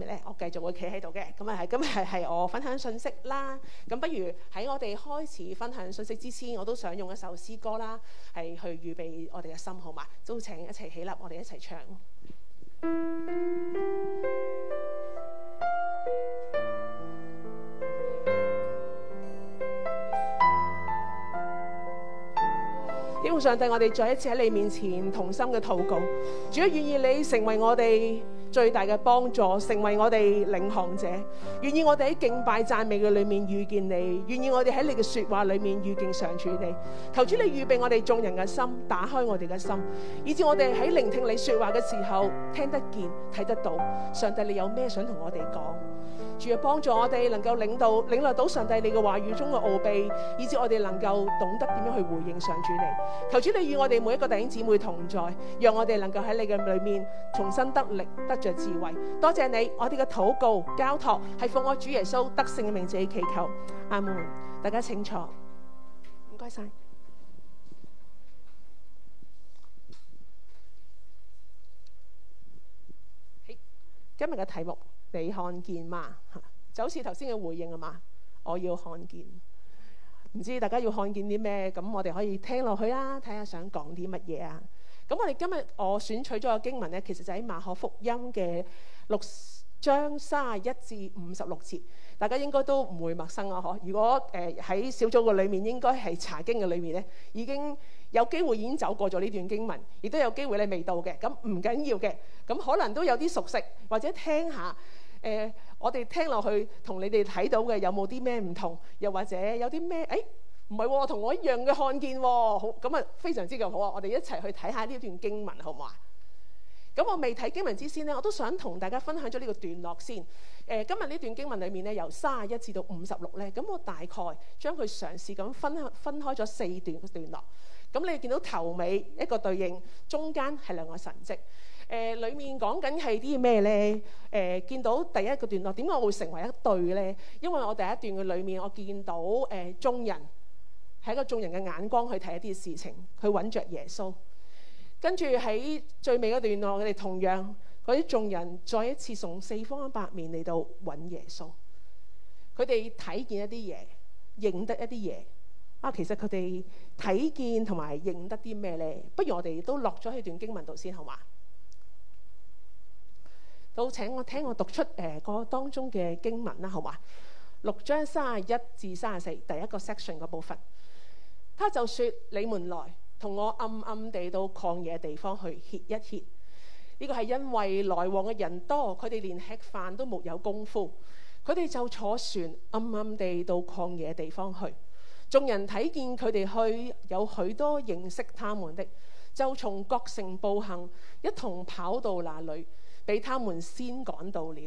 嗯、我繼續會企喺度嘅，咁啊，係，今日係我分享信息啦。咁不如喺我哋開始分享信息之前，我都想用一首詩歌啦，係去預備我哋嘅心，好嘛？都請一齊起，起立，我哋一齊唱。基本上帝，我哋再一次喺你面前同心嘅禱告。主啊，願意你成為我哋。最大嘅幫助，成為我哋領航者。願意我哋喺敬拜讚美嘅裏面遇見你，願意我哋喺你嘅説話裏面遇見常主你。求主你預備我哋眾人嘅心，打開我哋嘅心，以致我哋喺聆聽你説話嘅時候聽得見、睇得到。上帝，你有咩想同我哋講？主要幫助我哋能夠領導領略到上帝你嘅話語中嘅奧秘，以至我哋能夠懂得點樣去回應上主你。求主你與我哋每一個弟兄姊妹同在，讓我哋能夠喺你嘅裏面重新得力、得着智慧。多謝你，我哋嘅禱告交托係奉我主耶穌得勝嘅名字祈求。阿門！大家請坐。唔該晒。今日嘅題目。你看見嗎？就好似頭先嘅回應啊嘛！我要看見，唔知大家要看見啲咩？咁我哋可以聽落去啦，睇下想講啲乜嘢啊！咁我哋今日我選取咗個經文咧，其實就喺馬可福音嘅六章三一至五十六節，大家應該都唔會陌生啊！嗬，如果誒喺、呃、小組嘅裏面，應該係查經嘅裏面咧，已經有機會已經走過咗呢段經文，亦都有機會你未到嘅，咁唔緊要嘅，咁可能都有啲熟悉或者聽下。誒、呃，我哋聽落去同你哋睇到嘅有冇啲咩唔同？又或者有啲咩？誒、哎，唔係喎，同我一樣嘅看見喎，好，咁啊，非常之咁好啊，我哋一齊去睇下呢段經文，好唔好啊？咁我未睇經文之先呢，我都想同大家分享咗呢個段落先。誒、呃，今日呢段經文裡面呢，由三十一至到五十六呢，咁我大概將佢嘗試咁分分開咗四段段落。咁你見到頭尾一個對應，中間係兩個神跡。誒、呃，裡面講緊係啲咩咧？誒、呃，見到第一個段落，點解我會成為一對咧？因為我第一段嘅裡面，我見到誒、呃、眾人係一個眾人嘅眼光去睇一啲事情，去揾着耶穌。跟住喺最尾嗰段落，佢哋同樣嗰啲眾人再一次從四方八面嚟到揾耶穌。佢哋睇見一啲嘢，認得一啲嘢。啊，其實佢哋睇見同埋認得啲咩咧？不如我哋都落咗喺段經文度先，好嘛？好，都請我聽我讀出誒個、呃、當中嘅經文啦，好嘛？六章三十一至三十四，第一個 section 嗰部分，他就説：你們來同我暗暗地到曠野地方去歇一歇。呢、這個係因為來往嘅人多，佢哋連吃飯都沒有功夫，佢哋就坐船暗暗地到曠野地方去。眾人睇見佢哋去，有許多認識他們的，就從各城步行，一同跑到那裏。比他們先趕到了，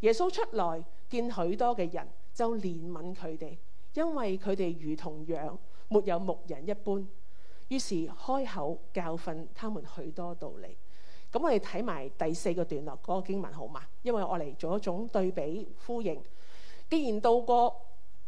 耶穌出來見許多嘅人，就憐憫佢哋，因為佢哋如同羊沒有牧人一般，於是開口教訓他們許多道理。咁我哋睇埋第四個段落嗰個經文好嘛？因為我嚟做一種對比呼應。既然到過，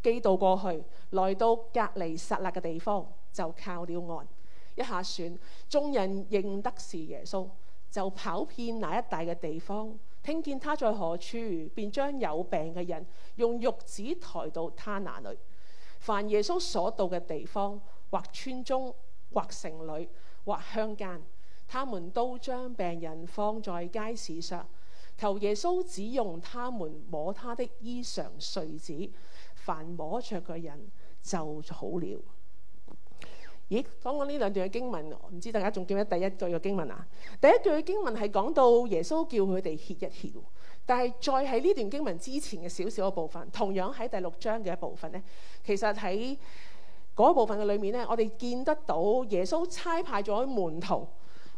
既渡過去，來到革尼撒勒嘅地方，就靠了岸一下船，眾人認得是耶穌。就跑遍那一帶嘅地方，聽見他在何處，便將有病嘅人用褥子抬到他那裏。凡耶穌所到嘅地方，或村中，或城裏，或鄉間，他們都將病人放在街市上，求耶穌只用他們摸他的衣裳繸子，凡摸着嘅人就好了。咦，講講呢兩段嘅經文，唔知大家仲記唔記得第一句嘅經文啊？第一句嘅經文係講到耶穌叫佢哋歇一歇，但係再喺呢段經文之前嘅少少嘅部分，同樣喺第六章嘅一部分呢，其實喺嗰部分嘅裏面呢，我哋見得到耶穌差派咗門徒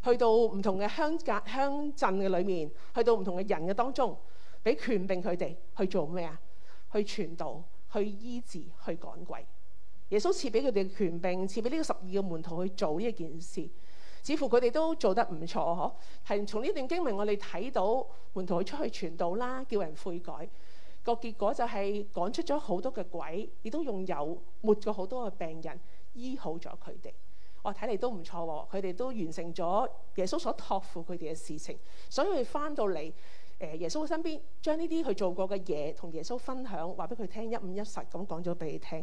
去到唔同嘅鄉間、鄉鎮嘅裏面，去到唔同嘅人嘅當中，俾權柄佢哋去做咩啊？去傳道、去醫治、去趕鬼。耶穌賜俾佢哋權柄，賜俾呢個十二個門徒去做呢一件事，似乎佢哋都做得唔錯。嗬，係從呢段經文我，我哋睇到門徒出去傳道啦，叫人悔改，個結果就係趕出咗好多嘅鬼，亦都用油抹過好多嘅病人，醫好咗佢哋。我睇嚟都唔錯喎，佢、嗯、哋都完成咗耶穌所託付佢哋嘅事情，所以佢翻到嚟誒、呃、耶穌身邊，將呢啲佢做過嘅嘢同耶穌分享，話俾佢聽一五一十咁講咗俾你聽。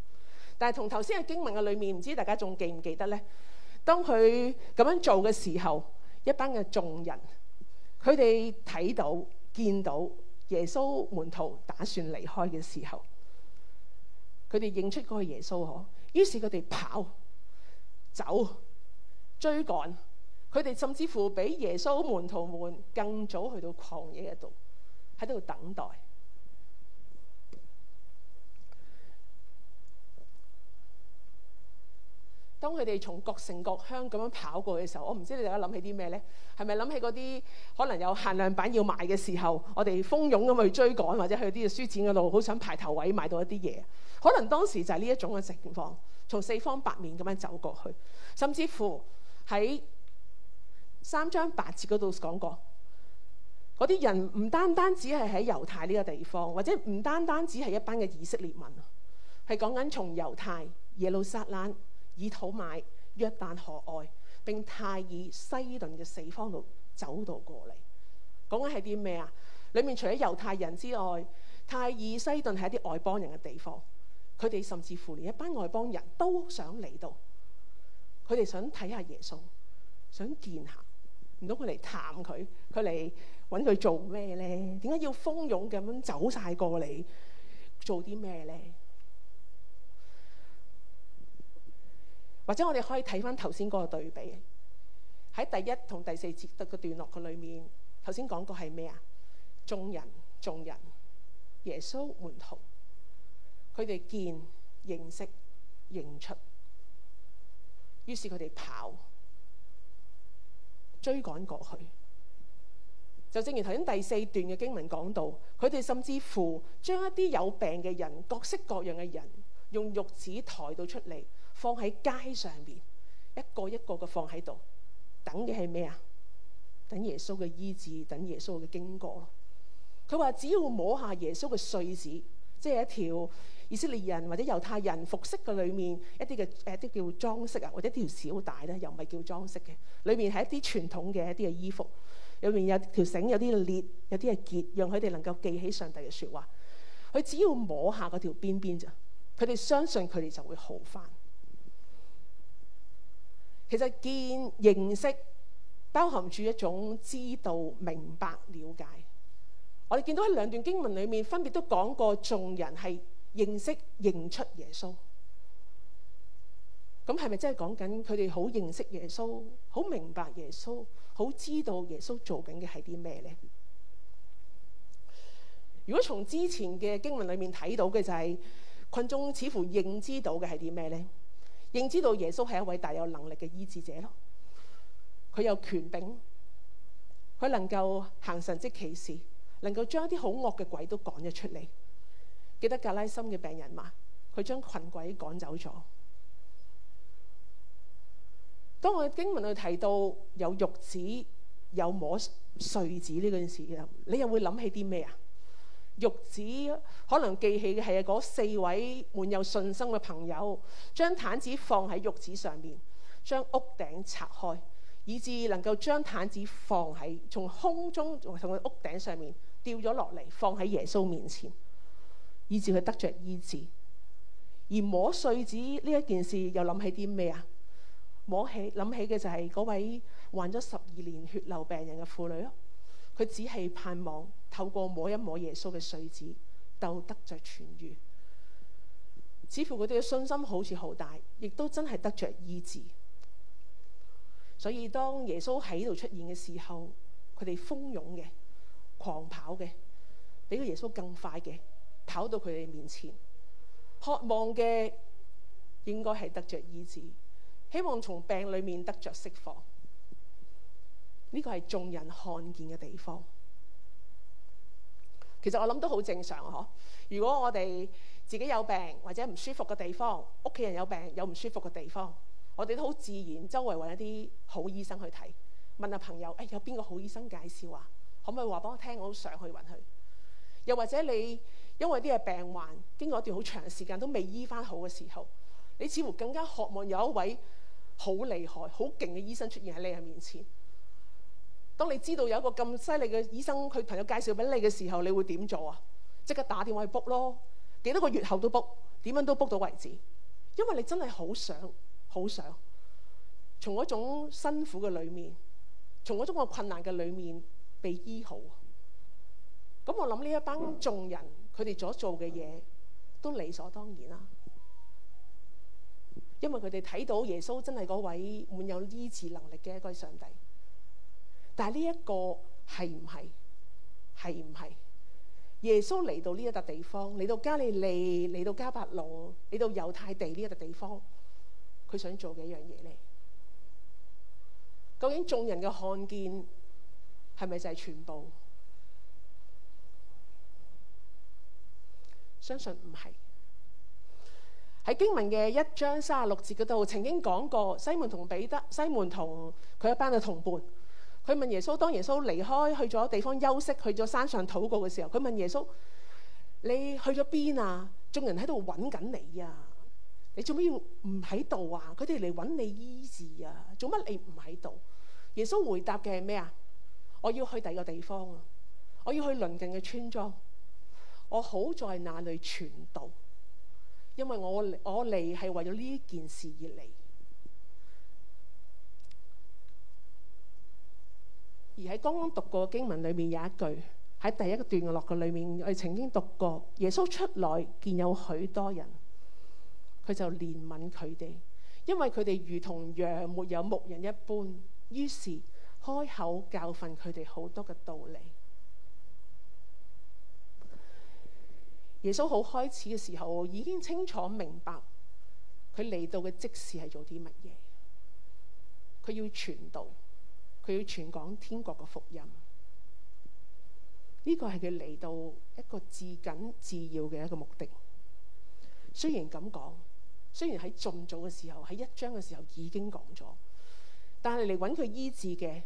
但係同頭先嘅經文嘅裏面，唔知大家仲記唔記得呢？當佢咁樣做嘅時候，一班嘅眾人，佢哋睇到、見到耶穌門徒打算離開嘅時候，佢哋認出嗰個耶穌，嗬、啊，於是佢哋跑、走、追趕，佢哋甚至乎比耶穌門徒們更早去到曠野嗰度，喺度等待。當佢哋從各城各鄉咁樣跑過嘅時候，我唔知你大家諗起啲咩呢？係咪諗起嗰啲可能有限量版要買嘅時候，我哋蜂擁咁去追趕，或者去啲書展嘅路，好想排頭位買到一啲嘢？可能當時就係呢一種嘅情況，從四方八面咁樣走過去，甚至乎喺三章八節嗰度講過，嗰啲人唔單單只係喺猶太呢個地方，或者唔單單只係一班嘅以色列民，係講緊從猶太、耶路撒冷。以土買、約旦河外，並泰爾西頓嘅四方度走到過嚟，講緊係啲咩啊？裏面除咗猶太人之外，泰爾西頓係一啲外邦人嘅地方，佢哋甚至乎連一班外邦人都想嚟到。佢哋想睇下耶穌，想見下，唔通佢嚟探佢，佢嚟揾佢做咩咧？點解要蜂擁咁樣走晒過嚟做啲咩咧？或者我哋可以睇翻頭先嗰個對比，喺第一同第四節嘅段落嘅裏面，頭先講過係咩啊？眾人，眾人，耶穌門徒，佢哋見認識認出，於是佢哋跑追趕過去，就正如頭先第四段嘅經文講到，佢哋甚至乎將一啲有病嘅人，各式各樣嘅人，用褥子抬到出嚟。放喺街上邊，一個一個嘅放喺度，等嘅係咩啊？等耶穌嘅醫治，等耶穌嘅經過咯。佢話只要摸下耶穌嘅穗子，即係一條以色列人或者猶太人服飾嘅裏面一啲嘅誒，啲叫裝飾啊，或者一條小帶咧，又唔係叫裝飾嘅。裏面係一啲傳統嘅一啲嘅衣服，裏面有條繩，有啲裂，有啲係結，讓佢哋能夠記起上帝嘅説話。佢只要摸下嗰條邊邊咋，佢哋相信佢哋就會好返。其實見認識包含住一種知道、明白、了解。我哋見到喺兩段經文裏面，分別都講過眾人係認識、認出耶穌。咁係咪真係講緊佢哋好認識耶穌、好明白耶穌、好知道耶穌做緊嘅係啲咩呢？如果從之前嘅經文裏面睇到嘅就係、是，群眾似乎認知到嘅係啲咩呢？」認知到耶穌係一位大有能力嘅醫治者咯，佢有權柄，佢能夠行神蹟奇事，能夠將一啲好惡嘅鬼都趕咗出嚟。記得格拉森嘅病人嘛，佢將群鬼趕走咗。當我經文裏提到有玉子有摸碎子呢個事嘅，你又會諗起啲咩啊？褥子，可能記起嘅係嗰四位滿有信心嘅朋友，將癱子放喺褥子上面，將屋頂拆開，以致能夠將癱子放喺從空中同佢屋頂上面掉咗落嚟，放喺耶穌面前，以致佢得着醫治。而摸繸子呢一件事又諗起啲咩啊？摸起諗起嘅就係嗰位患咗十二年血漏病人嘅婦女咯，佢只係盼望。透過摸一摸耶穌嘅繸子，就得着痊癒。似乎佢哋嘅信心好似好大，亦都真係得着醫治。所以當耶穌喺度出現嘅時候，佢哋蜂擁嘅，狂跑嘅，比個耶穌更快嘅，跑到佢哋面前，渴望嘅應該係得着醫治，希望從病裏面得着釋放。呢、這個係眾人看見嘅地方。其實我諗都好正常呵。如果我哋自己有病或者唔舒服嘅地方，屋企人有病有唔舒服嘅地方，我哋都好自然，周圍揾一啲好醫生去睇，問下朋友，誒、哎、有邊個好醫生介紹啊？可唔可以話俾我聽，我想去揾佢？又或者你因為啲嘅病患經過一段好長嘅時間都未醫翻好嘅時候，你似乎更加渴望有一位好厲害、好勁嘅醫生出現喺你嘅面前。當你知道有一個咁犀利嘅醫生，佢朋友介紹俾你嘅時候，你會點做啊？即刻打電話去 book 咯，幾多個月後都 book，點樣都 book 到為止，因為你真係好想，好想從嗰種辛苦嘅裡面，從嗰種困難嘅裡面被醫好。咁、嗯嗯、我諗呢一班眾人，佢哋所做嘅嘢都理所當然啦，因為佢哋睇到耶穌真係嗰位滿有醫治能力嘅一個上帝。但係呢一個係唔係係唔係？耶穌嚟到呢一笪地方，嚟到加利利，嚟到加伯路，嚟到猶太地呢一笪地方，佢想做嘅一樣嘢咧？究竟眾人嘅看見係咪就係全部？相信唔係，喺經文嘅一章三十六節嗰度曾經講過，西門同彼得，西門同佢一班嘅同伴。佢問耶穌：當耶穌離開去咗地方休息，去咗山上禱告嘅時候，佢問耶穌：你去咗邊啊？眾人喺度揾緊你啊！你做咩要唔喺度啊？佢哋嚟揾你醫治啊！做乜你唔喺度？耶穌回答嘅係咩啊？我要去第二個地方啊！我要去鄰近嘅村莊，我好在那裡傳道，因為我我嚟係為咗呢件事而嚟。而喺剛剛讀過經文裏面有一句，喺第一個段落嘅裏面我哋曾經讀過耶穌出來見有許多人，佢就憐憫佢哋，因為佢哋如同羊沒有牧人一般，於是開口教訓佢哋好多嘅道理。耶穌好開始嘅時候已經清楚明白佢嚟到嘅即使係做啲乜嘢，佢要傳道。佢要傳講天國嘅福音，呢個係佢嚟到一個至緊至要嘅一個目的。雖然咁講，雖然喺盡早嘅時候，喺一章嘅時候已經講咗，但係嚟揾佢醫治嘅，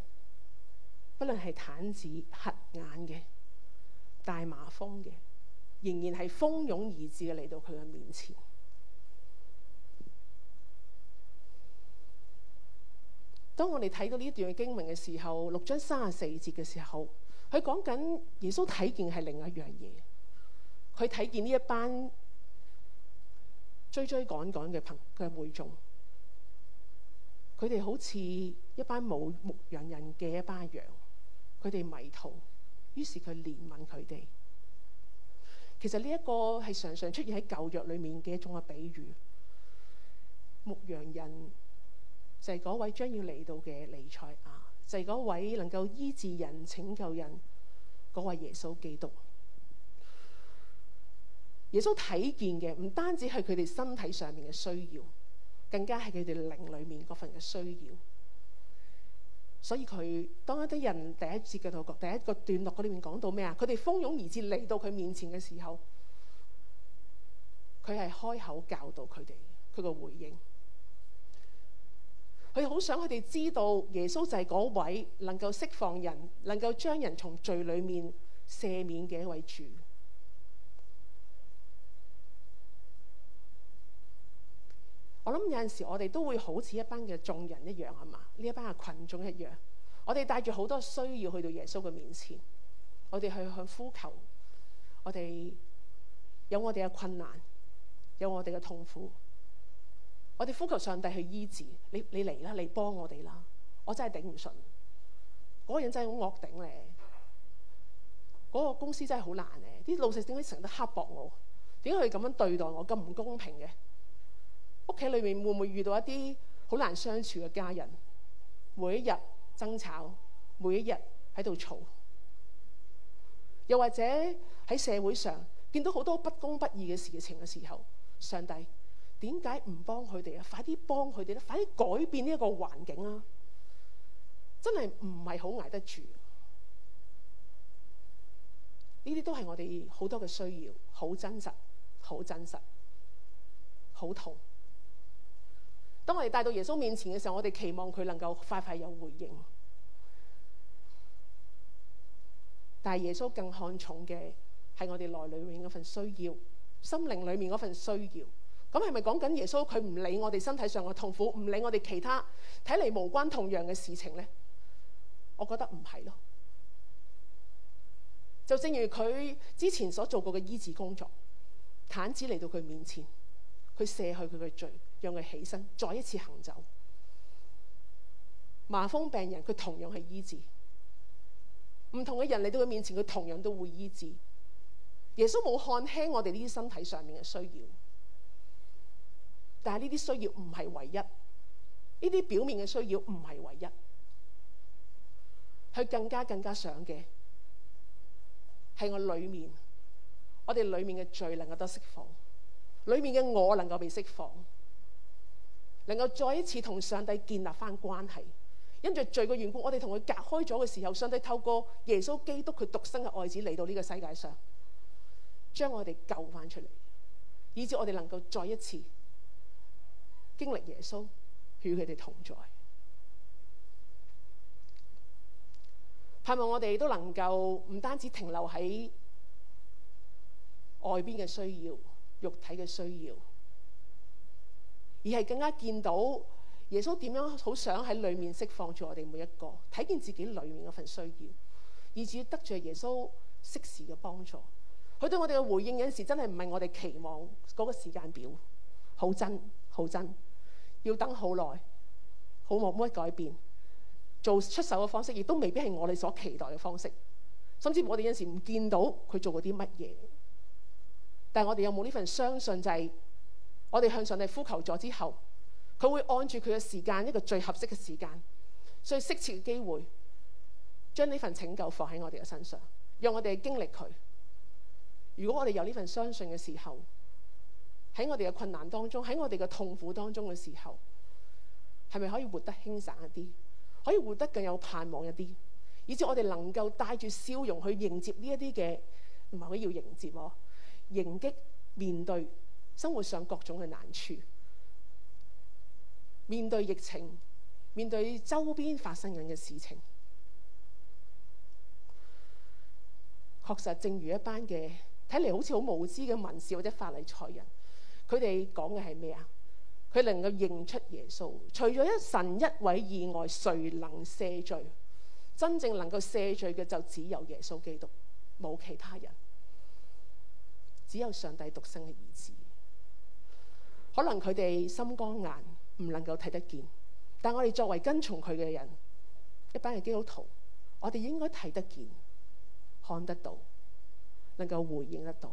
不論係癱子、黑眼嘅、大麻風嘅，仍然係蜂擁而至嘅嚟到佢嘅面前。當我哋睇到呢一段經文嘅時候，六章三十四節嘅時候，佢講緊耶穌睇見係另一樣嘢，佢睇見呢一班追追趕趕嘅朋嘅會眾，佢哋好似一班冇牧羊人嘅一班羊，佢哋迷途，於是佢憐憫佢哋。其實呢一個係常常出現喺舊約裏面嘅一種嘅比喻，牧羊人。就係嗰位將要嚟到嘅彌賽亞！就係、是、嗰位能夠醫治人、拯救人嗰位耶穌基督。耶穌睇見嘅唔單止係佢哋身體上面嘅需要，更加係佢哋靈裡面嗰份嘅需要。所以佢當一啲人第一節嗰度，第一個段落嗰裏面講到咩啊？佢哋蜂擁而至嚟到佢面前嘅時候，佢係開口教導佢哋，佢個回應。佢好想佢哋知道耶穌就係嗰位能夠釋放人、能夠將人從罪裏面赦免嘅一位主。 我諗有陣時我哋都會好似一班嘅眾人一樣係嘛？呢一班嘅群眾一樣，我哋帶住好多需要去到耶穌嘅面前，我哋去去呼求，我哋有我哋嘅困難，有我哋嘅痛苦。我哋呼求上帝去醫治，你你嚟啦，你幫我哋啦！我真係頂唔順，嗰個人真係好惡頂咧，嗰個公司真係好難咧。啲老細點解成日都刻薄我？點解佢咁樣對待我咁唔公平嘅？屋企裏面會唔會遇到一啲好難相處嘅家人？每一日爭吵，每一日喺度嘈，又或者喺社會上見到好多不公不義嘅事情嘅時候，上帝。點解唔幫佢哋啊？快啲幫佢哋咧！快啲改變呢一個環境啊！真係唔係好捱得住。呢啲都係我哋好多嘅需要，好真實，好真實，好痛。當我哋帶到耶穌面前嘅時候，我哋期望佢能夠快快有回應。但係耶穌更看重嘅係我哋內裏面嗰份需要，心靈裏面嗰份需要。咁係咪講緊耶穌佢唔理我哋身體上嘅痛苦，唔理我哋其他睇嚟，無關痛癢嘅事情呢？我覺得唔係咯。就正如佢之前所做過嘅醫治工作，癱子嚟到佢面前，佢卸去佢嘅罪，讓佢起身，再一次行走。麻風病人佢同樣係醫治，唔同嘅人嚟到佢面前，佢同樣都會醫治。耶穌冇看輕我哋呢啲身體上面嘅需要。但係呢啲需要唔係唯一，呢啲表面嘅需要唔係唯一，佢更加更加想嘅係我裏面，我哋裏面嘅罪能夠得釋放，裏面嘅我能夠被釋放，能夠再一次同上帝建立翻關係。因住罪嘅緣故，我哋同佢隔開咗嘅時候，上帝透過耶穌基督佢獨生嘅愛子嚟到呢個世界上，將我哋救翻出嚟，以至我哋能夠再一次。經歷耶穌與佢哋同在，盼望我哋都能夠唔單止停留喺外邊嘅需要、肉體嘅需要，而係更加見到耶穌點樣好想喺裏面釋放住我哋每一個，睇見自己裏面嗰份需要，以至得著耶穌適時嘅幫助。佢對我哋嘅回應有陣時真係唔係我哋期望嗰個時間表，好真好真。要等好耐，好冇乜改變，做出手嘅方式亦都未必係我哋所期待嘅方式，甚至我哋有陣時唔見到佢做過啲乜嘢。但係我哋有冇呢份相信，就係我哋向上帝呼求咗之後，佢會按住佢嘅時間，一個最合適嘅時間、最適切嘅機會，將呢份拯救放喺我哋嘅身上，讓我哋經歷佢。如果我哋有呢份相信嘅時候，喺我哋嘅困難當中，喺我哋嘅痛苦當中嘅時候，係咪可以活得輕省一啲，可以活得更有盼望一啲，以至我哋能夠帶住笑容去迎接呢一啲嘅唔係可以叫迎接，迎擊面對生活上各種嘅難處，面對疫情，面對周邊發生緊嘅事情，確實正如一班嘅睇嚟好似好無知嘅文士或者法利賽人。佢哋講嘅係咩啊？佢能夠認出耶穌，除咗一神一位以外，誰能赦罪？真正能夠赦罪嘅就只有耶穌基督，冇其他人，只有上帝獨生嘅兒子。可能佢哋心光眼唔能夠睇得見，但我哋作為跟從佢嘅人，一班嘅基督徒，我哋應該睇得見、看得到、能夠回應得到。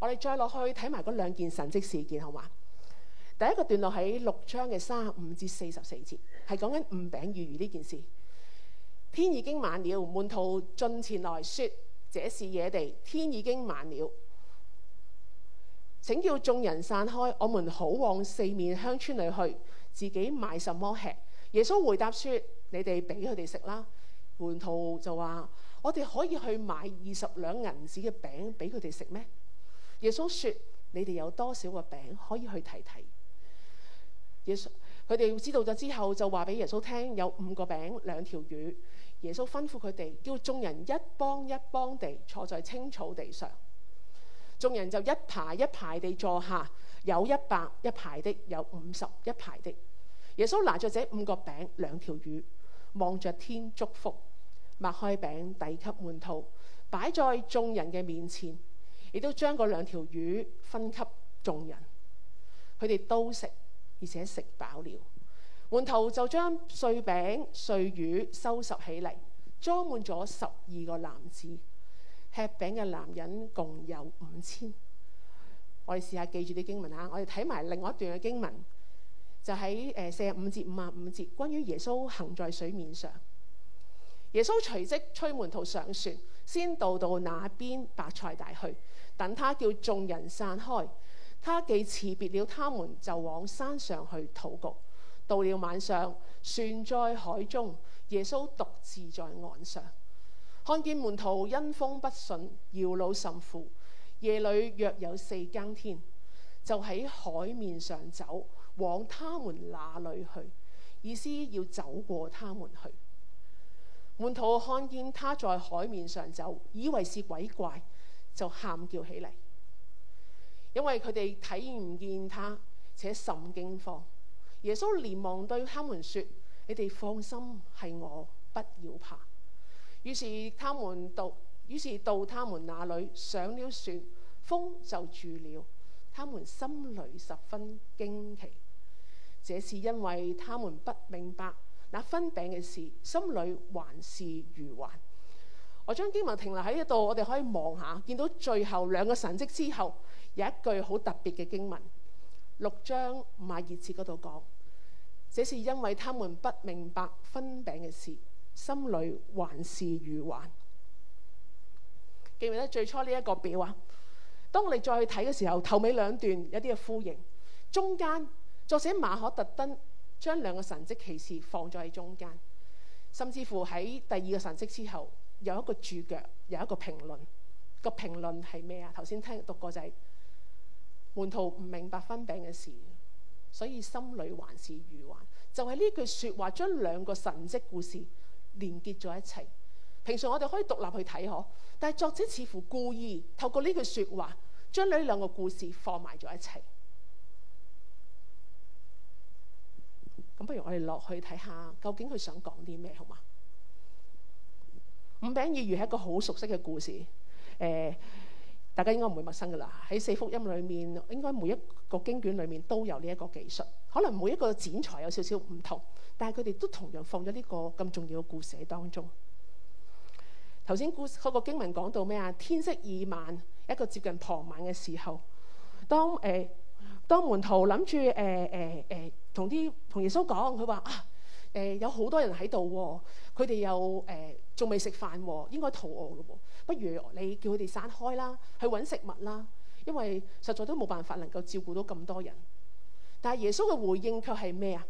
我哋再落去睇埋嗰兩件神跡事件，好嘛？第一個段落喺六章嘅三十五至四十四節，係講緊五餅二魚呢件事。天已經晚了，門徒進前來説：這是野地。天已經晚了，請叫眾人散開，我們好往四面鄉村裏去，自己買什麼吃。耶穌回答説：你哋俾佢哋食啦。門徒就話：我哋可以去買二十兩銀子嘅餅俾佢哋食咩？耶穌説：你哋有多少個餅可以去睇睇？」耶穌佢哋知道咗之後，就話俾耶穌聽，有五個餅兩條魚。耶穌吩咐佢哋叫眾人一幫一幫地坐在青草地上。眾人就一排一排地坐下，有一百一排的，有五十一排的。耶穌拿著這五個餅兩條魚，望着天祝福，擘開餅遞給門徒，擺在眾人嘅面前。亦都將嗰兩條魚分給眾人，佢哋都食，而且食飽了。門徒就將碎餅碎魚收拾起嚟，裝滿咗十二個籃子。吃餅嘅男人共有五千。我哋試下記住啲經文啊！我哋睇埋另外一段嘅經文，就喺誒四十五節五十五節，關於耶穌行在水面上。耶穌隨即催門徒上船。先渡到那邊伯賽大去，等他叫眾人散開，他既辭別了他們，就往山上去禱告。到了晚上，船在海中，耶穌獨自在岸上，看見門徒因風不順，搖櫓甚苦。夜裏約有四更天，就喺海面上走，往他們那裏去，意思要走過他們去。門徒看見他在海面上走，以為是鬼怪，就喊叫起嚟。因為佢哋睇唔見他，且甚驚慌。耶穌連忙對他們說：你哋放心，係我，不要怕。於是他們到，於是到他們那裏上了船，風就住了。他們心裏十分驚奇，這是因為他們不明白。嗱，分餅嘅事，心裏還是愚頑。我將經文停留喺呢度，我哋可以望下，見到最後兩個神跡之後，有一句好特別嘅經文，六章五十二節嗰度講，這是因為他們不明白分餅嘅事，心裏還是愚頑。記唔記得最初呢一個表啊？當我哋再去睇嘅時候，頭尾兩段有啲嘅呼應，中間作者馬可特登。將兩個神跡奇事放在喺中間，甚至乎喺第二個神跡之後，有一個註腳，有一個評論。個評論係咩啊？頭先聽讀過仔就係門徒唔明白分餅嘅事，所以心裏還是愚頑。就係呢句說話將兩個神跡故事連結咗一齊。平常我哋可以獨立去睇可，但係作者似乎故意透過呢句說話將呢兩個故事放埋咗一齊。咁不如我哋落去睇下，究竟佢想講啲咩好嘛？五餅二魚係一個好熟悉嘅故事，誒、呃，大家應該唔會陌生㗎喇。喺四福音裏面，應該每一個經卷裏面都有呢一個技術，可能每一個剪裁有少少唔同，但係佢哋都同樣放咗呢個咁重要嘅故事喺當中。頭先故嗰、嗰個經文講到咩啊？天色已晚，一個接近傍晚嘅時候，當誒。呃當門徒諗住誒誒誒，同啲同耶穌講，佢話啊，誒、呃、有好多人喺度，佢哋又誒仲未食飯，應該肚餓咯，不如你叫佢哋散開啦，去搵食物啦，因為實在都冇辦法能夠照顧到咁多人。但係耶穌嘅回應卻係咩啊？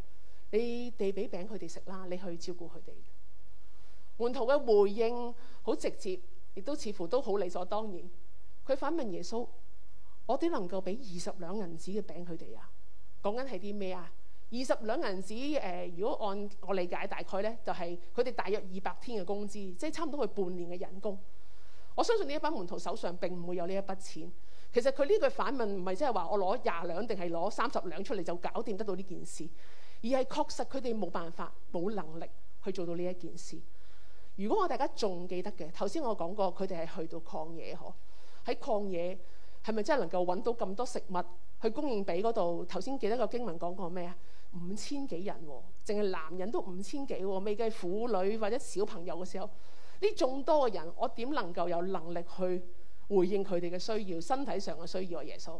你地俾餅佢哋食啦，你去照顧佢哋。門徒嘅回應好直接，亦都似乎都好理所當然。佢反問耶穌。我點能夠俾二十兩銀子嘅餅佢哋啊？講緊係啲咩啊？二十兩銀子誒、呃，如果按我理解，大概呢就係佢哋大約二百天嘅工資，即係差唔多佢半年嘅人工。我相信呢一班門徒手上並唔會有呢一筆錢。其實佢呢句反問唔係即係話我攞廿兩定係攞三十兩出嚟就搞掂得到呢件事，而係確實佢哋冇辦法、冇能力去做到呢一件事。如果我大家仲記得嘅，頭先我講過佢哋係去到曠野，可喺曠野。係咪真係能夠揾到咁多食物去供應俾嗰度？頭先記得個經文講過咩啊？五千幾人喎、哦，淨係男人都五千幾喎、哦，未計婦女或者小朋友嘅時候，呢眾多嘅人，我點能夠有能力去回應佢哋嘅需要、身體上嘅需要啊？耶穌，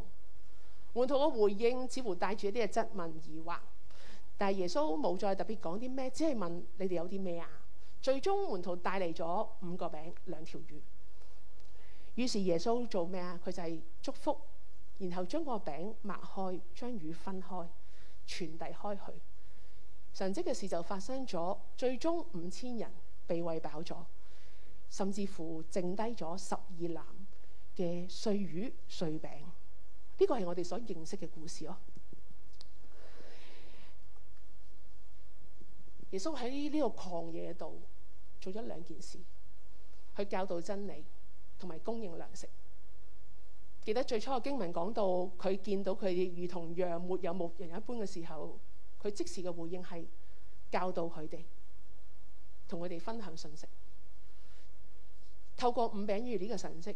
門徒嘅回應似乎帶住一啲嘅質問、疑惑，但係耶穌冇再特別講啲咩，只係問你哋有啲咩啊？最終門徒帶嚟咗五個餅、兩條魚。於是耶穌做咩啊？佢就係祝福，然後將個餅擘開，將魚分開，傳遞開去。神蹟嘅事就發生咗，最終五千人被餵飽咗，甚至乎剩低咗十二籃嘅碎魚碎餅。呢、這個係我哋所認識嘅故事咯、哦。耶穌喺呢個狂野度做咗兩件事，去教導真理。同埋供應糧食。記得最初嘅經文講到，佢見到佢哋如同羊沒有牧人一般嘅時候，佢即時嘅回應係教導佢哋，同佢哋分享信息。透過五餅魚呢個神蹟，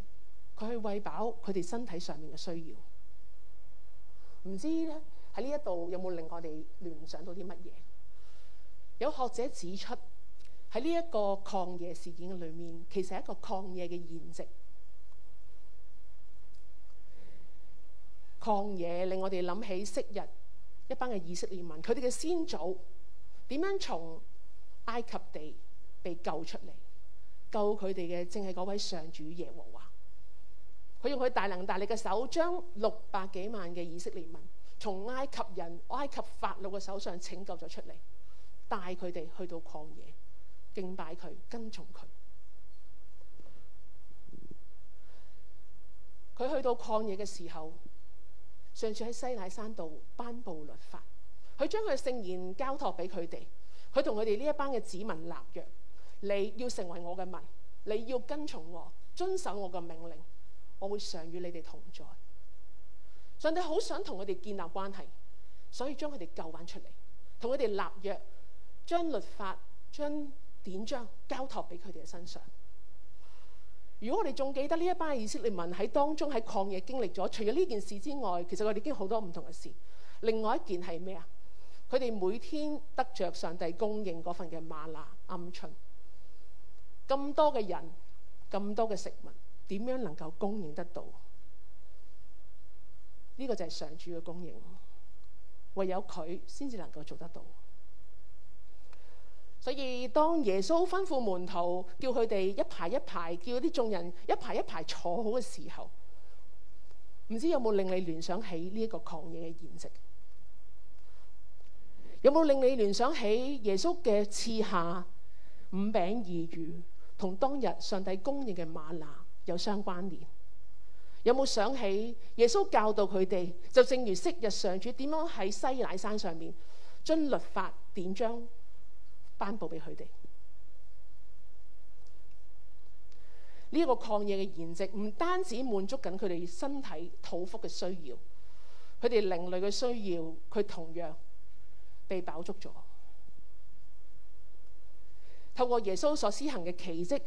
佢去餵飽佢哋身體上面嘅需要。唔知咧喺呢一度有冇令我哋聯想到啲乜嘢？有學者指出。喺呢一個曠野事件裏面，其實係一個曠野嘅現象。曠野令我哋諗起昔日一班嘅以色列民，佢哋嘅先祖點樣從埃及地被救出嚟？救佢哋嘅正係嗰位上主耶和華。佢用佢大能大力嘅手，將六百幾萬嘅以色列民從埃及人埃及法老嘅手上拯救咗出嚟，帶佢哋去到曠野。敬拜佢，跟從佢。佢去到曠野嘅時候，上次喺西奈山度頒布律法，佢將佢嘅聖言交託俾佢哋，佢同佢哋呢一班嘅子民立約，你要成為我嘅民，你要跟從我，遵守我嘅命令，我會常與你哋同在。上帝好想同佢哋建立關係，所以將佢哋救翻出嚟，同佢哋立約，將律法將，將典章交托俾佢哋嘅身上。如果我哋仲記得呢一班以色列民喺當中喺曠野經歷咗，除咗呢件事之外，其實我哋已經好多唔同嘅事。另外一件係咩啊？佢哋每天得着上帝供應嗰份嘅嗎哪鵪鶉，咁多嘅人，咁多嘅食物，點樣能夠供應得到？呢個就係上主嘅供應，唯有佢先至能夠做得到。所以，當耶穌吩咐門徒叫佢哋一排一排，叫啲眾人一排一排坐好嘅時候，唔知有冇令你聯想起呢一個曠野嘅宴席？有冇令你聯想起耶穌嘅賜下五餅二魚，同當日上帝供應嘅嗎哪有相關聯？有冇想起耶穌教導佢哋就正如昔日上主點樣喺西乃山上面將律法典章？頒布俾佢哋呢個曠野嘅筵席，唔單止滿足緊佢哋身體肚腹嘅需要，佢哋靈裏嘅需要，佢同樣被飽足咗。透過耶穌所施行嘅奇跡，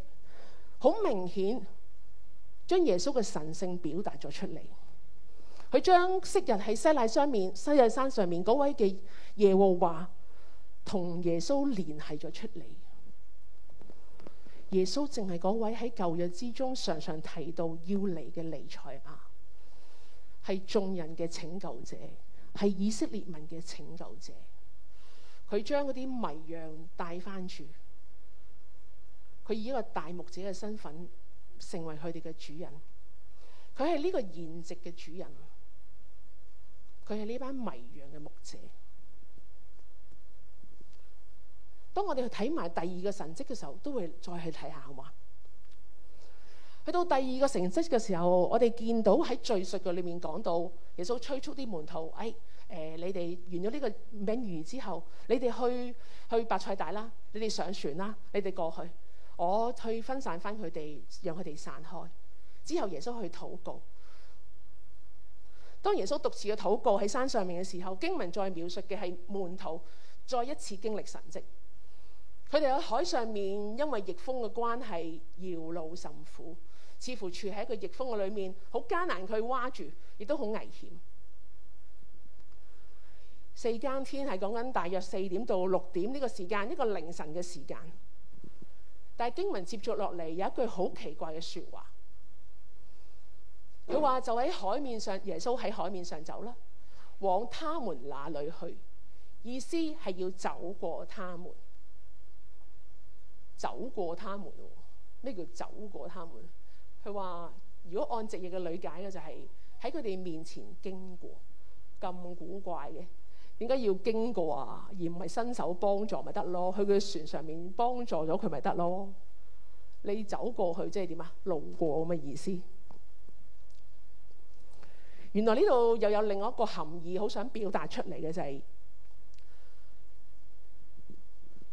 好明顯將耶穌嘅神性表達咗出嚟。佢將昔日喺西奈山上面，西奈山上面嗰位嘅耶和華。同耶穌聯繫咗出嚟，耶穌淨係嗰位喺舊約之中常常提到要嚟嘅彌賽亞，係眾人嘅拯救者，係以色列民嘅拯救者。佢將嗰啲迷羊帶翻住，佢以一個大牧者嘅身份成為佢哋嘅主人。佢係呢個筵席嘅主人，佢係呢班迷羊嘅牧者。當我哋去睇埋第二個神蹟嘅時候，都會再去睇下，好嘛。去到第二個神蹟嘅時候，我哋見到喺敘述嘅裏面講到，耶穌催促啲門徒：，誒、哎、誒、呃，你哋完咗呢個餅魚之後，你哋去去伯賽大啦，你哋上船啦，你哋過去，我去分散返佢哋，讓佢哋散開。之後耶穌去禱告。當耶穌獨自嘅禱告喺山上面嘅時候，經文再描述嘅係門徒再一次經歷神蹟。佢哋喺海上面，因為逆風嘅關係，搖櫓甚苦，似乎處喺一個逆風嘅裏面，好艱難。佢挖住，亦都好危險。四更天係講緊大約四點到六點呢個時間，一個凌晨嘅時間。但係經文接續落嚟有一句好奇怪嘅説話，佢話就喺海面上，耶穌喺海面上走啦，往他們那裡去，意思係要走過他們。走過他們，咩叫走過他們？佢話如果按直譯嘅理解咧，就係喺佢哋面前經過，咁古怪嘅，點解要經過啊？而唔係伸手幫助咪得咯？去佢船上面幫助咗佢咪得咯？你走過去即係點啊？路過咁嘅意思。原來呢度又有另外一個含義，好想表達出嚟嘅就係、是。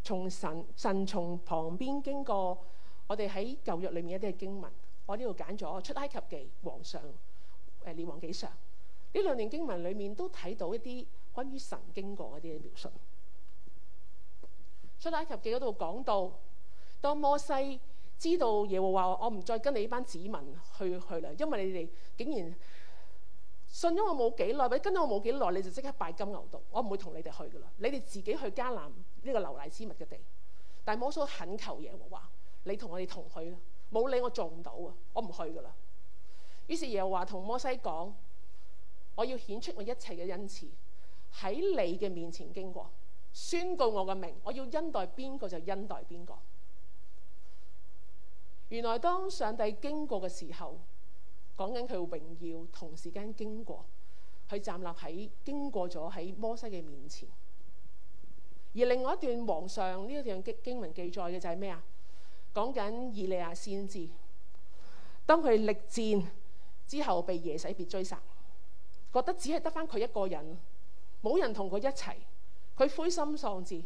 從神神從旁邊經過，我哋喺舊約裏面一啲嘅經文，我呢度揀咗《出埃及記》皇上、誒、列王紀上呢兩年經文裏面都睇到一啲關於神經過嗰啲描述。《出埃及記》嗰度講到，當摩西知道耶和華話：「我唔再跟你班子民去去啦，因為你哋竟然信咗我冇幾耐，跟咗我冇幾耐，你就即刻拜金牛犢。」我唔會同你哋去噶啦，你哋自己去迦南。呢個流奶與蜜嘅地，但摩索懇求耶和華：你同我哋同去啦！冇理我做唔到啊，我唔去㗎喇。於是耶和華同摩西講：我要顯出我一切嘅恩慈喺你嘅面前經過，宣告我嘅名，我要恩待邊個就恩待邊個。原來當上帝經過嘅時候，講緊佢會榮耀，同時間經過，佢站立喺經過咗喺摩西嘅面前。而另外一段王上呢一段經文記載嘅就係咩啊？講緊以利亞先知，當佢力戰之後被耶洗別追殺，覺得只係得翻佢一個人，冇人同佢一齊，佢灰心喪志，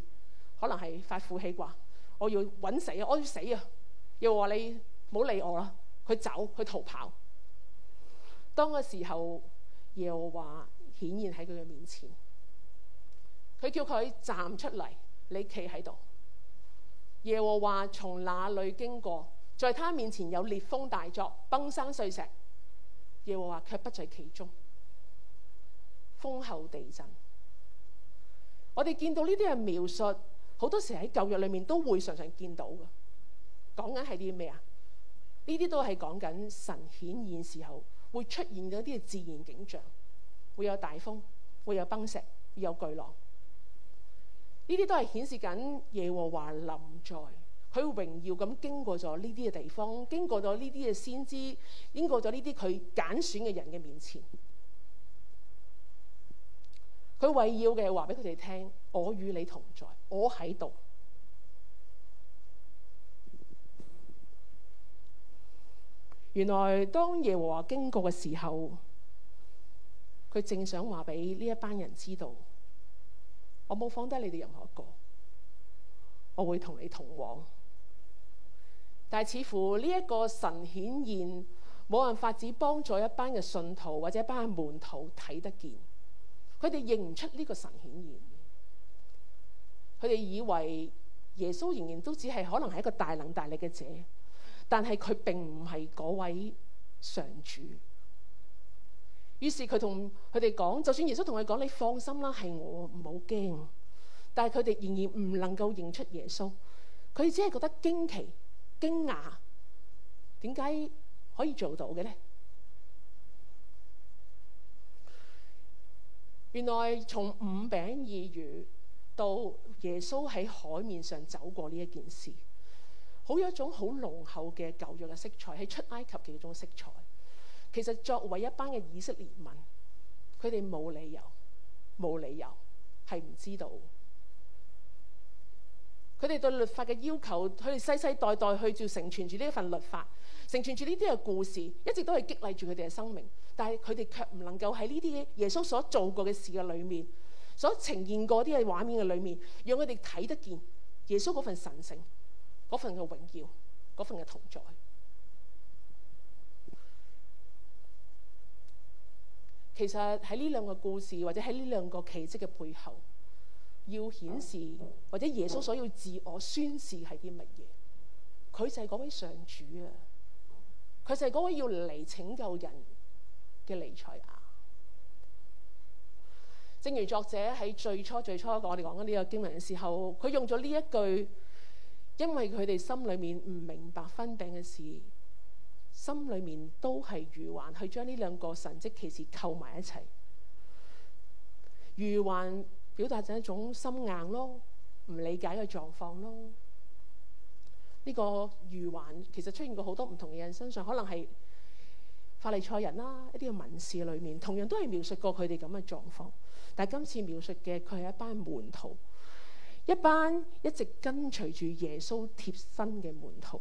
可能係發苦氣啩，我要搵死啊，我要死啊，又話你唔好理我啦，佢走，佢逃跑。當個時候，耶和華顯現喺佢嘅面前。佢叫佢站出嚟，你企喺度。耶和華從那裏經過，在他面前有烈風大作，崩山碎石。耶和華卻不在其中。風後地震，我哋見到呢啲嘅描述，好多時喺舊約裏面都會常常見到嘅。講緊係啲咩啊？呢啲都係講緊神顯現時候會出現嗰啲自然景象，會有大風，會有崩石，會有巨浪。呢啲都係顯示緊耶和華臨在，佢榮耀咁經過咗呢啲嘅地方，經過咗呢啲嘅先知，經過咗呢啲佢揀選嘅人嘅面前，佢圍繞嘅話俾佢哋聽：我與你同在，我喺度。原來當耶和華經過嘅時候，佢正想話俾呢一班人知道。我冇放低你哋任何一個，我會同你同往。但係似乎呢一個神顯現冇辦法子幫助一班嘅信徒，或者一班門徒睇得見，佢哋認唔出呢個神顯現。佢哋以為耶穌仍然都只係可能係一個大能大力嘅者，但係佢並唔係嗰位上主。於是佢同佢哋講，就算耶穌同佢講，你放心啦，係我，唔好驚，但係佢哋仍然唔能夠認出耶穌，佢只係覺得驚奇、驚訝。點解可以做到嘅呢？原來從五餅二魚到耶穌喺海面上走過呢一件事，好有一種好濃厚嘅舊約嘅色彩，係出埃及嘅一種色彩。其實作為一班嘅以色列民，佢哋冇理由、冇理由係唔知道。佢哋對律法嘅要求，佢哋世世代代去照承傳住呢一份律法，承傳住呢啲嘅故事，一直都係激勵住佢哋嘅生命。但係佢哋卻唔能夠喺呢啲耶穌所做過嘅事嘅裏面，所呈現過啲嘅畫面嘅裏面，讓佢哋睇得見耶穌嗰份神聖、嗰份嘅榮耀、嗰份嘅同在。其實喺呢兩個故事或者喺呢兩個奇蹟嘅背後，要顯示或者耶穌所要自我宣示係啲乜嘢？佢就係嗰位上主啊，佢就係嗰位要嚟拯救人嘅彌賽亞。正如作者喺最初最初我哋講緊呢個經文嘅時候，佢用咗呢一句：因為佢哋心裏面唔明白分餅嘅事。心裏面都係愚幻，去將呢兩個神跡奇事扣埋一齊。愚幻表達就一種心硬咯，唔理解嘅狀況咯。呢、這個愚幻其實出現過好多唔同嘅人身上，可能係法利賽人啦、啊，一啲嘅文士裏面，同樣都係描述過佢哋咁嘅狀況。但係今次描述嘅佢係一班門徒，一班一直跟隨住耶穌貼身嘅門徒。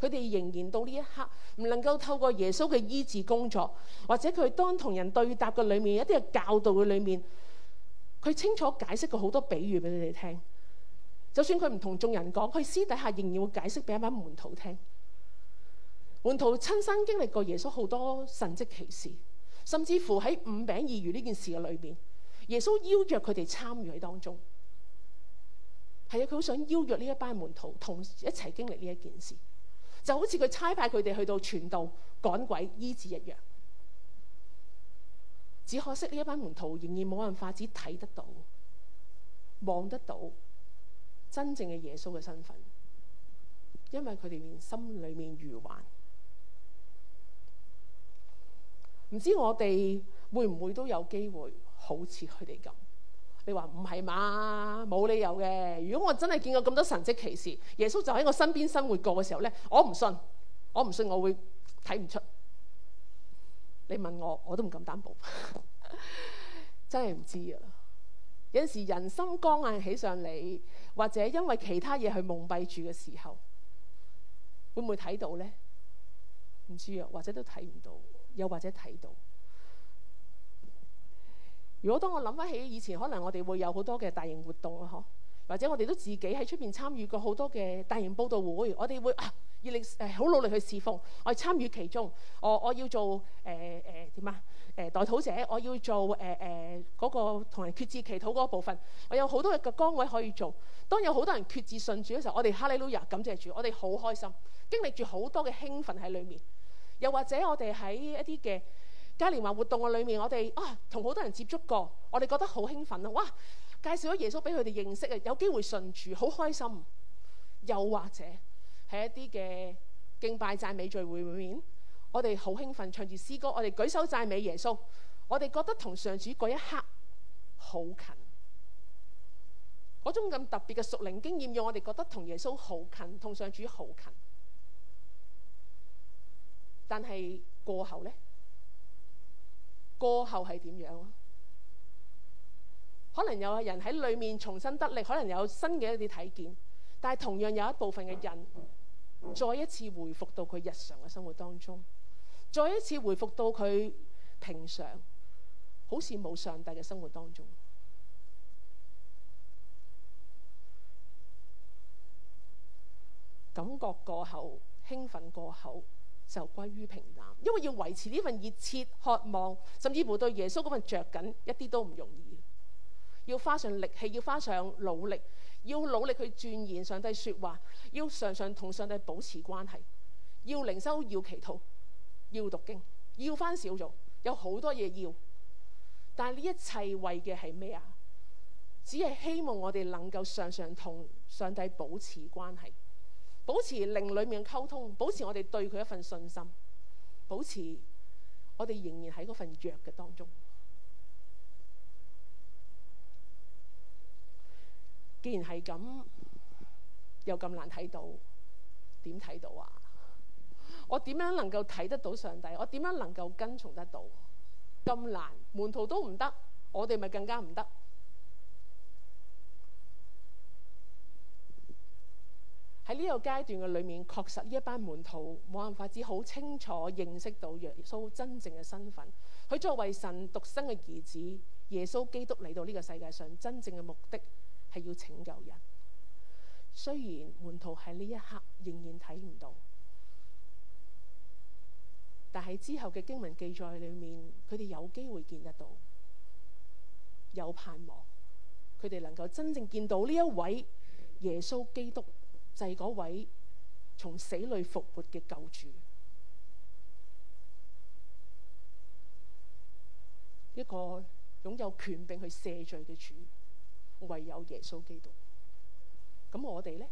佢哋仍然到呢一刻唔能夠透過耶穌嘅醫治工作，或者佢當同人對答嘅裏面，一啲嘅教導嘅裏面，佢清楚解釋過好多比喻俾你哋聽。就算佢唔同眾人講，佢私底下仍然會解釋俾一班門徒聽。門徒親身經歷過耶穌好多神跡奇事，甚至乎喺五餅二魚呢件事嘅裏面，耶穌邀約佢哋參與喺當中。係啊，佢好想邀約呢一班門徒同一齊經歷呢一件事。就好似佢差派佢哋去到傳道、趕鬼、醫治一樣，只可惜呢一班門徒仍然冇辦法睇得到、望得到真正嘅耶穌嘅身份，因為佢哋嘅心裏面愚頑。唔知我哋會唔會都有機會好似佢哋咁？你話唔係嘛？冇理由嘅。如果我真係見過咁多神迹奇事，耶穌就喺我身邊生活過嘅時候呢，我唔信。我唔信我會睇唔出。你問我，我都唔敢擔保。 真係唔知啊。有陣時人心剛硬起上嚟，或者因為其他嘢去蒙蔽住嘅時候，會唔會睇到呢？唔知啊，或者都睇唔到，又或者睇到。如果當我諗翻起以前，可能我哋會有好多嘅大型活動啊！呵，或者我哋都自己喺出邊參與過好多嘅大型佈道會，我哋會熱、啊、力誒好、呃、努力去侍奉，我哋參與其中，我我要做誒誒點啊誒代禱者，我要做誒誒嗰個同人決志祈禱嗰部分，我有好多嘅崗位可以做。當有好多人決志信主嘅時候，我哋哈利路亞感謝主，我哋好開心，經歷住好多嘅興奮喺裏面。又或者我哋喺一啲嘅。嘉年華活動嘅裏面，我哋啊同好多人接觸過，我哋覺得好興奮啦！哇，介紹咗耶穌俾佢哋認識啊，有機會信主，好開心。又或者喺一啲嘅敬拜讚美聚會裏面，我哋好興奮唱住詩歌，我哋舉手讚美耶穌，我哋覺得同上主嗰一刻好近。嗰種咁特別嘅屬靈經驗，讓我哋覺得同耶穌好近，同上主好近。但係過後呢？過後係點樣？可能有人喺裏面重新得力，可能有新嘅一啲體驗，但係同樣有一部分嘅人，再一次回復到佢日常嘅生活當中，再一次回復到佢平常，好似冇上帝嘅生活當中，感覺過後，興奮過後。就歸於平淡，因為要維持呢份熱切渴望，甚至乎對耶穌嗰份着緊，一啲都唔容易。要花上力氣，要花上努力，要努力去鑽研上帝說話，要常常同上帝保持關係，要靈修，要祈禱，要讀經，要翻小組，有好多嘢要。但係呢一切為嘅係咩啊？只係希望我哋能夠常常同上帝保持關係。保持靈裏面嘅溝通，保持我哋對佢一份信心，保持我哋仍然喺嗰份弱嘅當中。既然係咁，又咁難睇到，點睇到啊？我點樣能夠睇得到上帝？我點樣能夠跟從得到？咁難，門徒都唔得，我哋咪更加唔得？喺呢個階段嘅裏面，確實呢一班門徒冇辦法只好清楚認識到耶穌真正嘅身份。佢作為神獨生嘅兒子，耶穌基督嚟到呢個世界上，真正嘅目的係要拯救人。雖然門徒喺呢一刻仍然睇唔到，但係之後嘅經文記載裏面，佢哋有機會見得到，有盼望，佢哋能夠真正見到呢一位耶穌基督。就係嗰位從死裏復活嘅救主，一個擁有權柄去赦罪嘅主，唯有耶穌基督。咁我哋呢，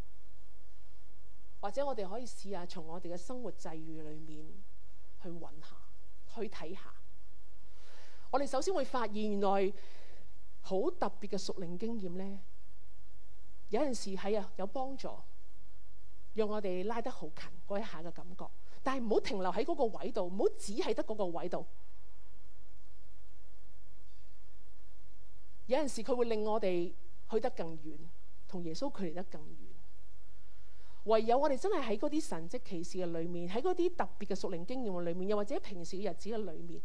或者我哋可以試下從我哋嘅生活際遇裏面去揾下，去睇下。我哋首先會發現，原來好特別嘅屬靈經驗呢，有陣時係啊有幫助。讓我哋拉得好近嗰一下嘅感覺，但係唔好停留喺嗰個位度，唔好只係得嗰個位度。有陣時佢會令我哋去得更遠，同耶穌距離得更遠。唯有我哋真係喺嗰啲神蹟奇事嘅裏面，喺嗰啲特別嘅屬靈經驗嘅裏面，又或者平時嘅日子嘅裏面，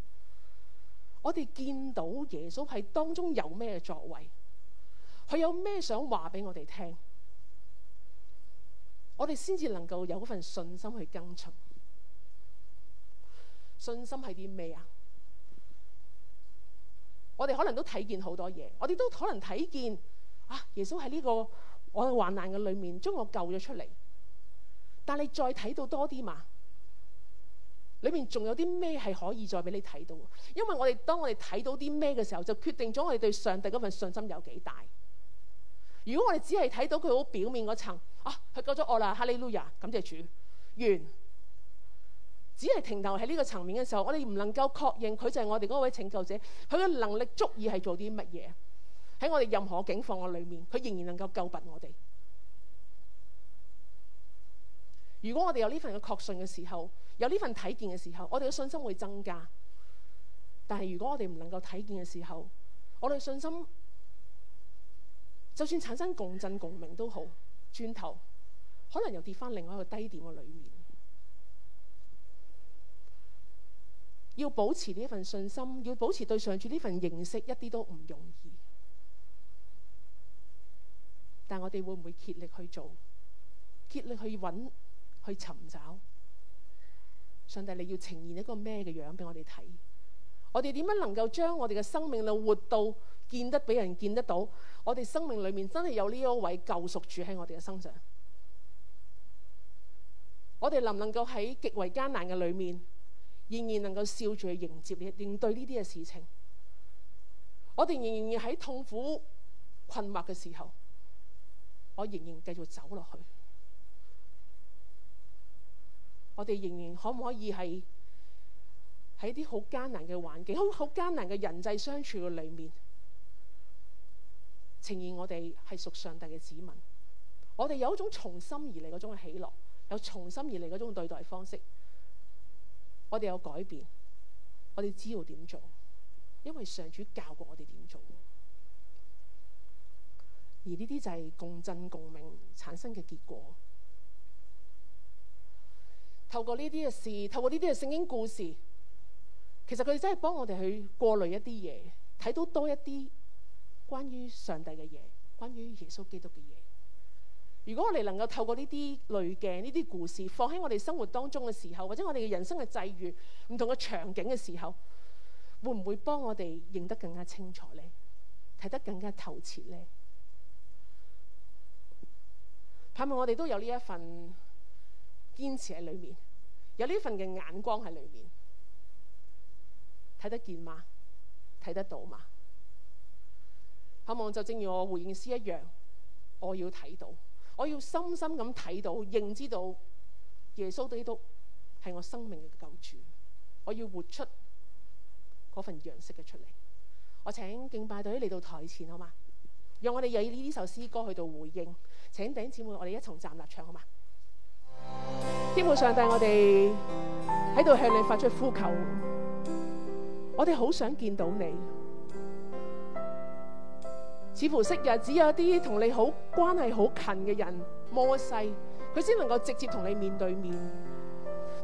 我哋見到耶穌喺當中有咩作為，佢有咩想話俾我哋聽。我哋先至能夠有份信心去跟從，信心係啲咩啊？我哋可能都睇見好多嘢，我哋都可能睇見啊！耶穌喺呢個我哋患難嘅裏面將我救咗出嚟，但你再睇到多啲嘛？裏面仲有啲咩係可以再俾你睇到？因為我哋當我哋睇到啲咩嘅時候，就決定咗我哋對上帝嗰份信心有幾大。如果我哋只係睇到佢好表面嗰層，啊，佢救咗我啦，哈利路亞，感謝主，完，只係停留喺呢個層面嘅時候，我哋唔能夠確認佢就係我哋嗰位拯救者，佢嘅能力足以係做啲乜嘢？喺我哋任何境況嘅裏面，佢仍然能夠救拔我哋。如果我哋有呢份嘅確信嘅時候，有呢份睇見嘅時候，我哋嘅信心會增加。但係如果我哋唔能夠睇見嘅時候，我哋信心。就算產生共振、共鳴都好，轉頭可能又跌翻另外一個低點嘅裏面。要保持呢一份信心，要保持對上主呢份認識，一啲都唔容易。但我哋會唔會竭力去做？竭力去揾、去尋找上帝？你要呈現一個咩嘅樣俾我哋睇？我哋點樣能夠將我哋嘅生命呢活到？見得俾人見得到，我哋生命裏面真係有呢一位救贖住喺我哋嘅身上。我哋能唔能夠喺極為艱難嘅裏面，仍然能夠笑住去迎接、面對呢啲嘅事情？我哋仍然喺痛苦、困惑嘅時候，我仍然繼續走落去。我哋仍然可唔可以係喺啲好艱難嘅環境、好艱難嘅人際相處嘅裏面？呈現我哋係屬上帝嘅子民，我哋有一種從心而嚟嗰種嘅喜樂，有從心而嚟嗰種對待方式，我哋有改變，我哋知道點做，因為上主教過我哋點做，而呢啲就係共振共鳴產生嘅結果。透過呢啲嘅事，透過呢啲嘅聖經故事，其實佢哋真係幫我哋去過濾一啲嘢，睇到多一啲。關於上帝嘅嘢，關於耶穌基督嘅嘢。如果我哋能夠透過呢啲類嘅呢啲故事，放喺我哋生活當中嘅時候，或者我哋嘅人生嘅際遇、唔同嘅場景嘅時候，會唔會幫我哋認得更加清楚呢？睇得更加透徹呢？盼望我哋都有呢一份堅持喺裏面，有呢份嘅眼光喺裏面，睇得見嗎？睇得到嗎？希望就正如我回應詩一樣，我要睇到，我要深深咁睇到，認知到耶穌基督係我生命嘅救主。我要活出嗰份樣式嘅出嚟。我請敬拜隊嚟到台前好嘛？讓我哋以呢首詩歌去到回應，請弟兄姊妹我哋一齊站立唱好嘛？ 天父上帝，我哋喺度向你發出呼求，我哋好想見到你。似乎昔日只有一啲同你好關係好近嘅人摩西，佢先能夠直接同你面對面。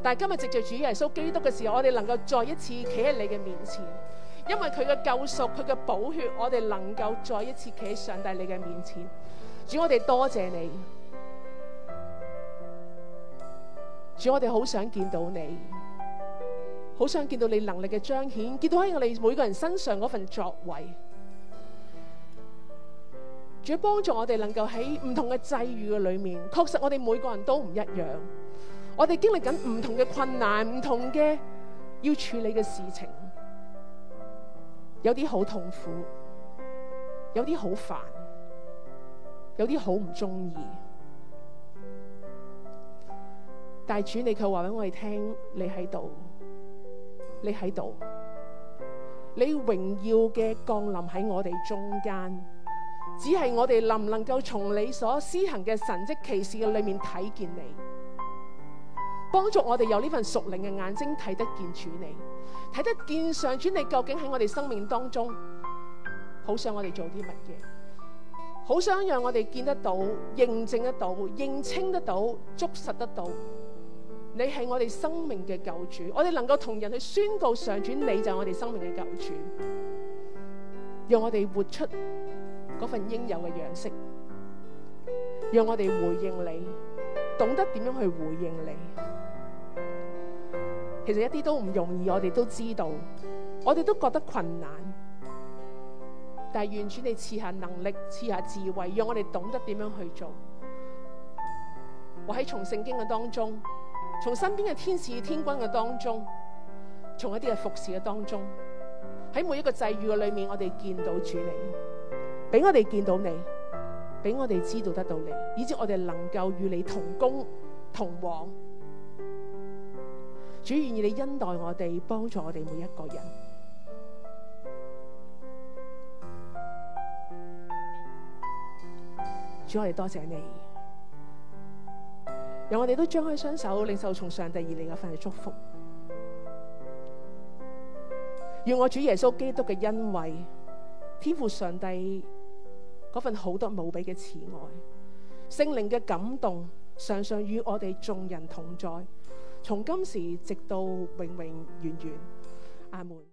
但係今日藉着主耶穌基督嘅時候，我哋能夠再一次企喺你嘅面前，因為佢嘅救贖、佢嘅寶血，我哋能夠再一次企喺上帝你嘅面前。主，我哋多謝你。主，我哋好想見到你，好想見到你能力嘅彰顯，見到喺我哋每個人身上嗰份作為。主幫助我哋能夠喺唔同嘅際遇嘅裏面，確實我哋每個人都唔一樣，我哋經歷緊唔同嘅困難、唔同嘅要處理嘅事情，有啲好痛苦，有啲好煩，有啲好唔中意。大主你卻話俾我哋聽，你喺度，你喺度，你榮耀嘅降臨喺我哋中間。只係我哋能唔能夠從你所施行嘅神跡奇事嘅裏面睇見你，幫助我哋由呢份屬靈嘅眼睛睇得見主你，睇得見上主你究竟喺我哋生命當中，好想我哋做啲乜嘢，好想讓我哋見得到、認證得到、認清得到、捉實得到，你係我哋生命嘅救主，我哋能夠同人去宣告上主你就係我哋生命嘅救主，讓我哋活出。嗰份應有嘅樣式，讓我哋回應你，懂得點樣去回應你。其實一啲都唔容易，我哋都知道，我哋都覺得困難。但係願主你賜下能力，賜下智慧，讓我哋懂得點樣去做。我喺從聖經嘅當中，從身邊嘅天使、天君嘅當中，從一啲嘅服侍嘅當中，喺每一個際遇嘅裏面，我哋見到主你。俾我哋見到你，俾我哋知道得到你，以至我哋能夠與你同工同往。主願意你恩待我哋，幫助我哋每一個人。主，我哋多謝你，讓我哋都張開雙手，領受從上帝而嚟嘅一份祝福。願我主耶穌基督嘅恩惠、天父上帝。嗰份好多無比嘅慈愛，聖靈嘅感動常常與我哋眾人同在，從今時直到永永遠遠，阿門。